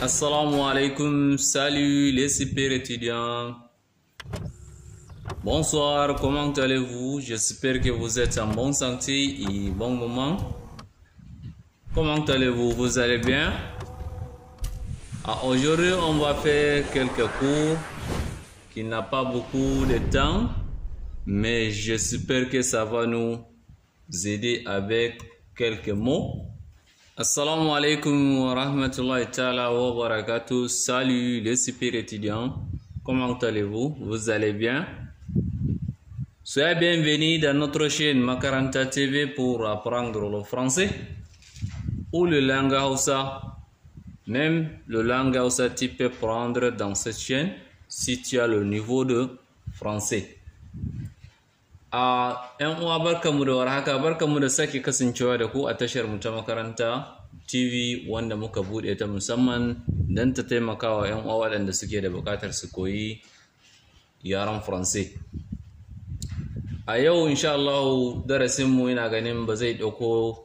Assalamu alaikum, salut les super étudiants. Bonsoir, comment allez-vous J'espère que vous êtes en bon santé et bon moment. Comment allez-vous Vous allez bien ah, Aujourd'hui, on va faire quelques cours qui n'a pas beaucoup de temps, mais j'espère que ça va nous aider avec quelques mots Assalamu alaikum wa rahmatullahi ta'ala wa barakatuh. Salut les super étudiants. Comment allez-vous? Vous allez bien? Soyez bienvenus dans notre chaîne Makaranta TV pour apprendre le français ou le langue Même le langue Hausa, tu peux prendre dans cette chaîne si tu as le niveau de français. A ‘yan uwa barka mu da warhaka mu da sake kasancewa da ku a tashar mu ta makaranta TV wanda muka buɗe ta musamman don ta taimakawa ‘yan uwa waɗanda suke da buƙatar su koyi yaren Faransai. A yau insha Allah mu ina ganin ba zai ɗauko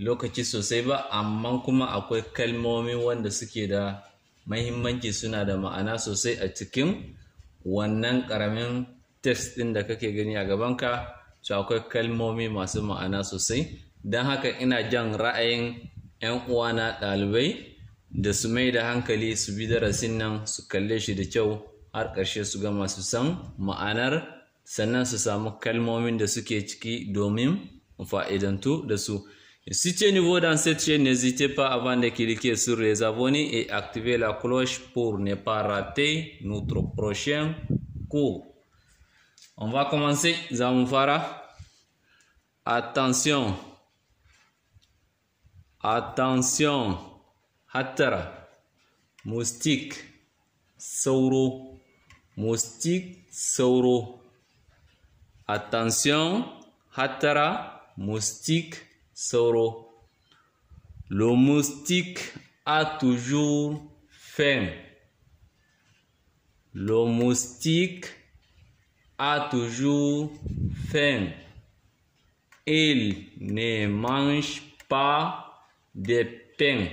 lokaci sosai ba amma kuma akwai kalmomi wanda suke da mahimmanci suna da ma'ana sosai a cikin wannan ƙaramin test ɗin da kake gani a gabanka to akwai kalmomi masu ma'ana sosai don haka ina jan ra'ayin 'yan uwana ɗalibai da su mai da hankali su bi darasin nan su kalle shi da kyau har ƙarshe su gama su san ma'anar sannan su samu kalmomin da suke ciki domin fa'idantu da su Si ce vodan dans ce ne n'hésitez pas avant de cliquer sur les abonnés et activer la cloche pour ne pas rater notre prochain cours. On va commencer, Zamoufara. Attention. Attention. Hattara. Moustique. Sauro. Moustique. Sauro. Attention. Hattara. Moustique. Sauro. Le moustique a toujours faim. Le moustique a toujours faim. Il ne mange pas de pain.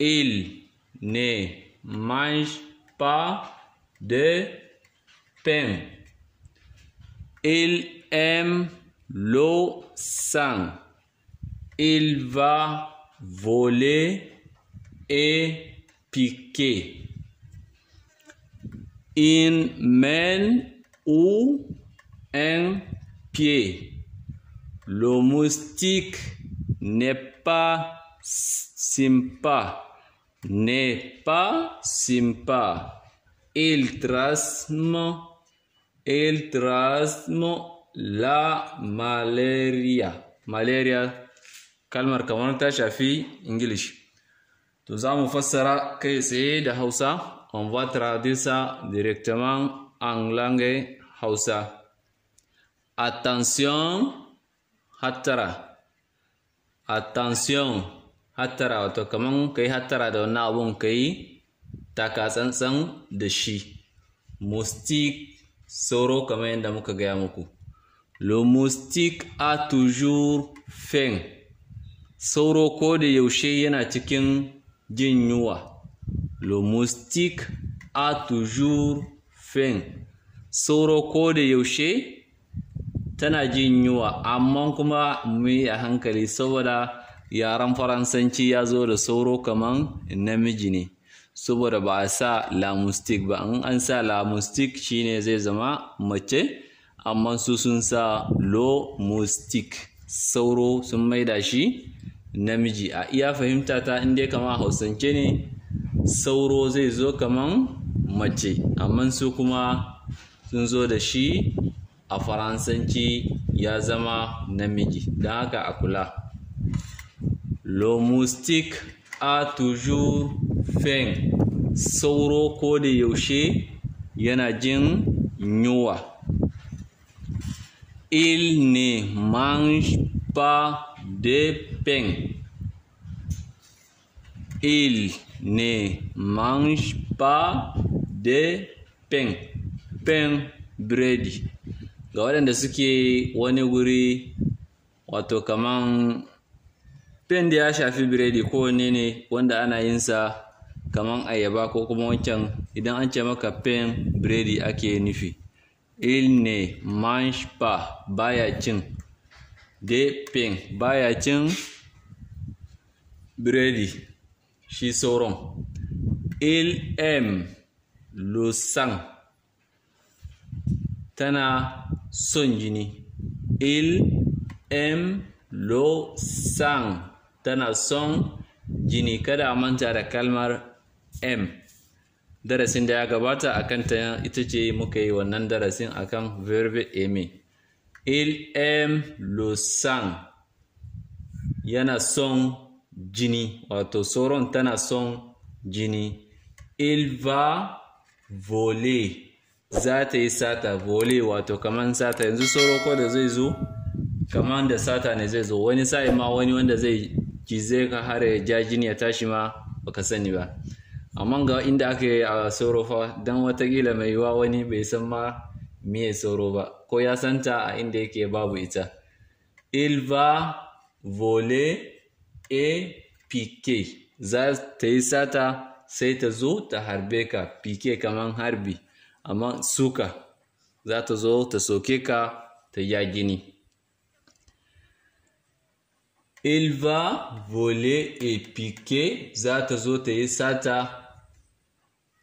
Il ne mange pas de pain. Il aime l'eau sang. Il va voler et piquer une main ou un pied. Le moustique n'est pas sympa, n'est pas sympa. Il mon, il mon la malaria. Malaria, kalmar kamar ta shafi English. To za mu que kai tsaye da Hausa. on va traduire ça directement en langue Hausa. Attention, hatara. Attention, hatara. wato kaman ka yi da wani abun kai taka tsantsan da shi. Mustik sauro kamar yadda muka gaya muku. Le moustique a toujours faim. Sauro ko da yaushe yana cikin jin yunwa. Le moustique a toujours faim. Sauro ko da yaushe tana jin yunwa, amma kuma mu yi a hankali saboda yaren Faransanci ya zo da sauro kaman namiji ne. Saboda ba a sa la ba, in an sa la moustique shine zai zama mace, amma su sun sa lo moustique. Sauro sun maida shi namiji. A iya fahimta ta inda kama Hausance ne. sauro zai zo kaman mace amma su kuma sun zo da shi a faransanci ya zama namiji don haka a kula lomustik a toujours feng sauro ko da yaushe yana jin yunwa il ne mange pas de peng il ne mange pas de pain, pain biredi. Ga waɗanda suke wani wuri wato kaman pain da ya shafi biredi ko ne wanda ana yin sa kaman ayaba ko kuma wancan idan an ce maka pain biredi ake nufi. Il ne mange pas baya cin de pain baya cin biredi. shi sauran il m lusang tana son jini il losan lusang tana son jini kada a manta da kalmar m darasin da ya gabata a kanta ita ce muka yi wannan darasin akan verbe aimer il aime lusang yana son jini wato sauron tana son jini il va voler za ta yi sata vole wato kaman sata yanzu sauro ko da zai zo kaman da sata ne zai zo wani sa'i ma wani wanda zai zai ka har ya ja jini ya tashi ma baka sani ba amma ga inda aka yi a sauro fa dan watakila mai yiwa wani bai san ma miye sauro ba ko ya santa a inda yake babu ita il va apk za ta yi sata sai ta zo ta harbe ka PK kamar harbi amma suka za ta zo ta soke ka ta ya gini ilva vole APK za ta zo ta yi sata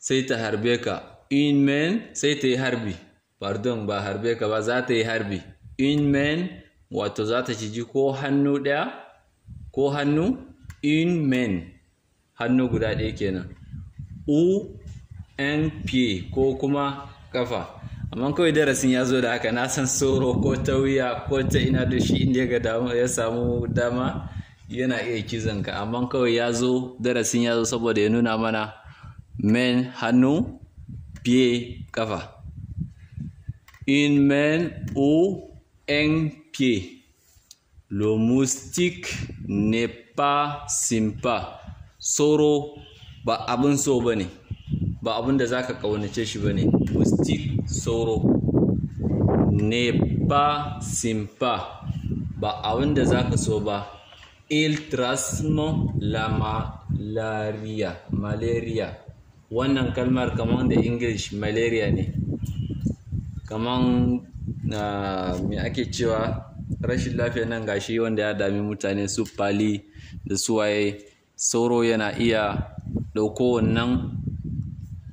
sai ta harbe ka in men sai ta yi harbi pardon ba harbe ka ba za ta yi harbi in men wato za ta ciji ko hannu ɗaya ko hannu in men hannu guda ɗaya kenan u n p ko kuma kafa amma kawai darasin ya zo da haka na san soro ko ta wuya ko ta ina da shi inda ya samu dama yana iya kizan ka amma kawai ya zo darasin ya zo saboda ya nuna mana men hannu biye, kafa in men U N P. Le moustique n'est pas sympa. Soro ba abin so ba ne, ba abin da za ka ƙaunace shi ba ne. Moustique soro n'est pas sympa. Ba abin da za ka so ba. Il transmet la malaria. Malaria. Wannan kalmar kamar da English malaria ne. Kaman uh, me ake cewa rashin lafiya nan gashi wanda ya dami mutane su fali da suwaye sauro yana iya ɗauko wannan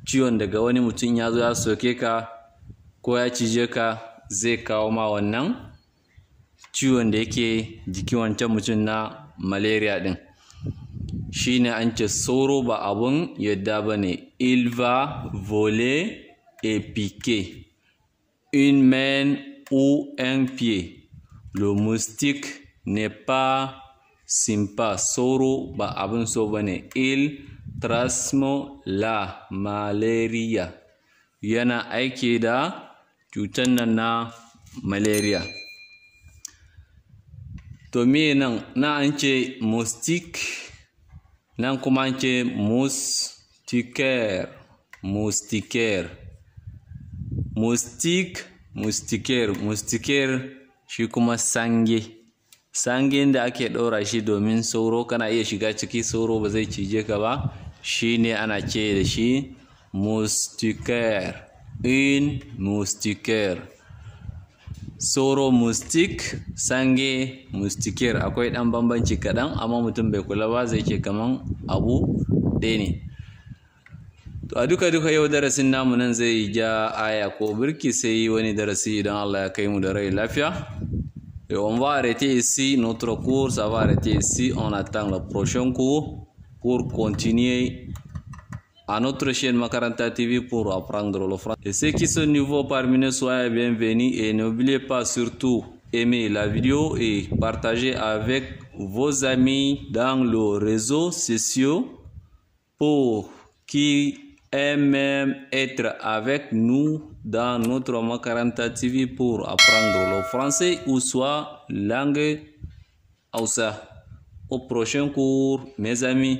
ciwon daga wani mutum ya zo ya soke ka ko ya cije ka zai kawo ma wannan ciwon da yake jiki wancan mutum na malaria ɗin ne an ce sauro ba abun yadda ba ne ilva vole epike in men ou Le moustique n'est pas sympa. Soro ba abin so bane. Il trasmo la malaria. Yana aiki da cutar nan na malaria. To me nan na an ce moustique nan kuma an ce moustiquaire. Moustiquaire. Moustique, moustiquaire, moustiquaire. shi kuma sange sange da ake ɗora shi domin sauro kana iya shiga ciki sauro ba zai cije ka ba shi ne ana ce da shi mustiker in mustiker sauro mustik sange mustiker akwai ɗan bambanci kaɗan amma mutum bai kula ba zai ce kaman abu ɗaya ne to a duka duka yau darasin namu nan zai ja aya ko birki sai wani darasi idan allah ya kai mu da rai lafiya Et on va arrêter ici notre cours, ça va arrêter ici. On attend le prochain cours pour continuer à notre chaîne Macaranta TV pour apprendre le français. Et ceux qui sont nouveaux parmi nous, soyez bienvenus et n'oubliez pas surtout aimer la vidéo et partager avec vos amis dans le réseau sociaux pour qui est même être avec nous dans notre Makaranta TV pour apprendre le français ou soit langue Hausa. Au prochain cours, mes amis.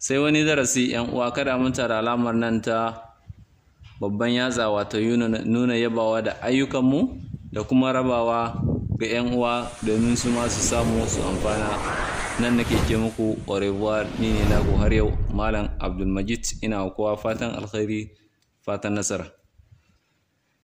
Sai wani darasi ‘yan uwa kada manta da alamar nan ta babban yatsa wato nuna yabawa da ayyukanmu da kuma rabawa ga ‘yan uwa domin su ma su samu su amfana. nan nake ke muku au revoir ni ne har yau malam abdulmajid ina kowa fatan alkhairi fatan nasara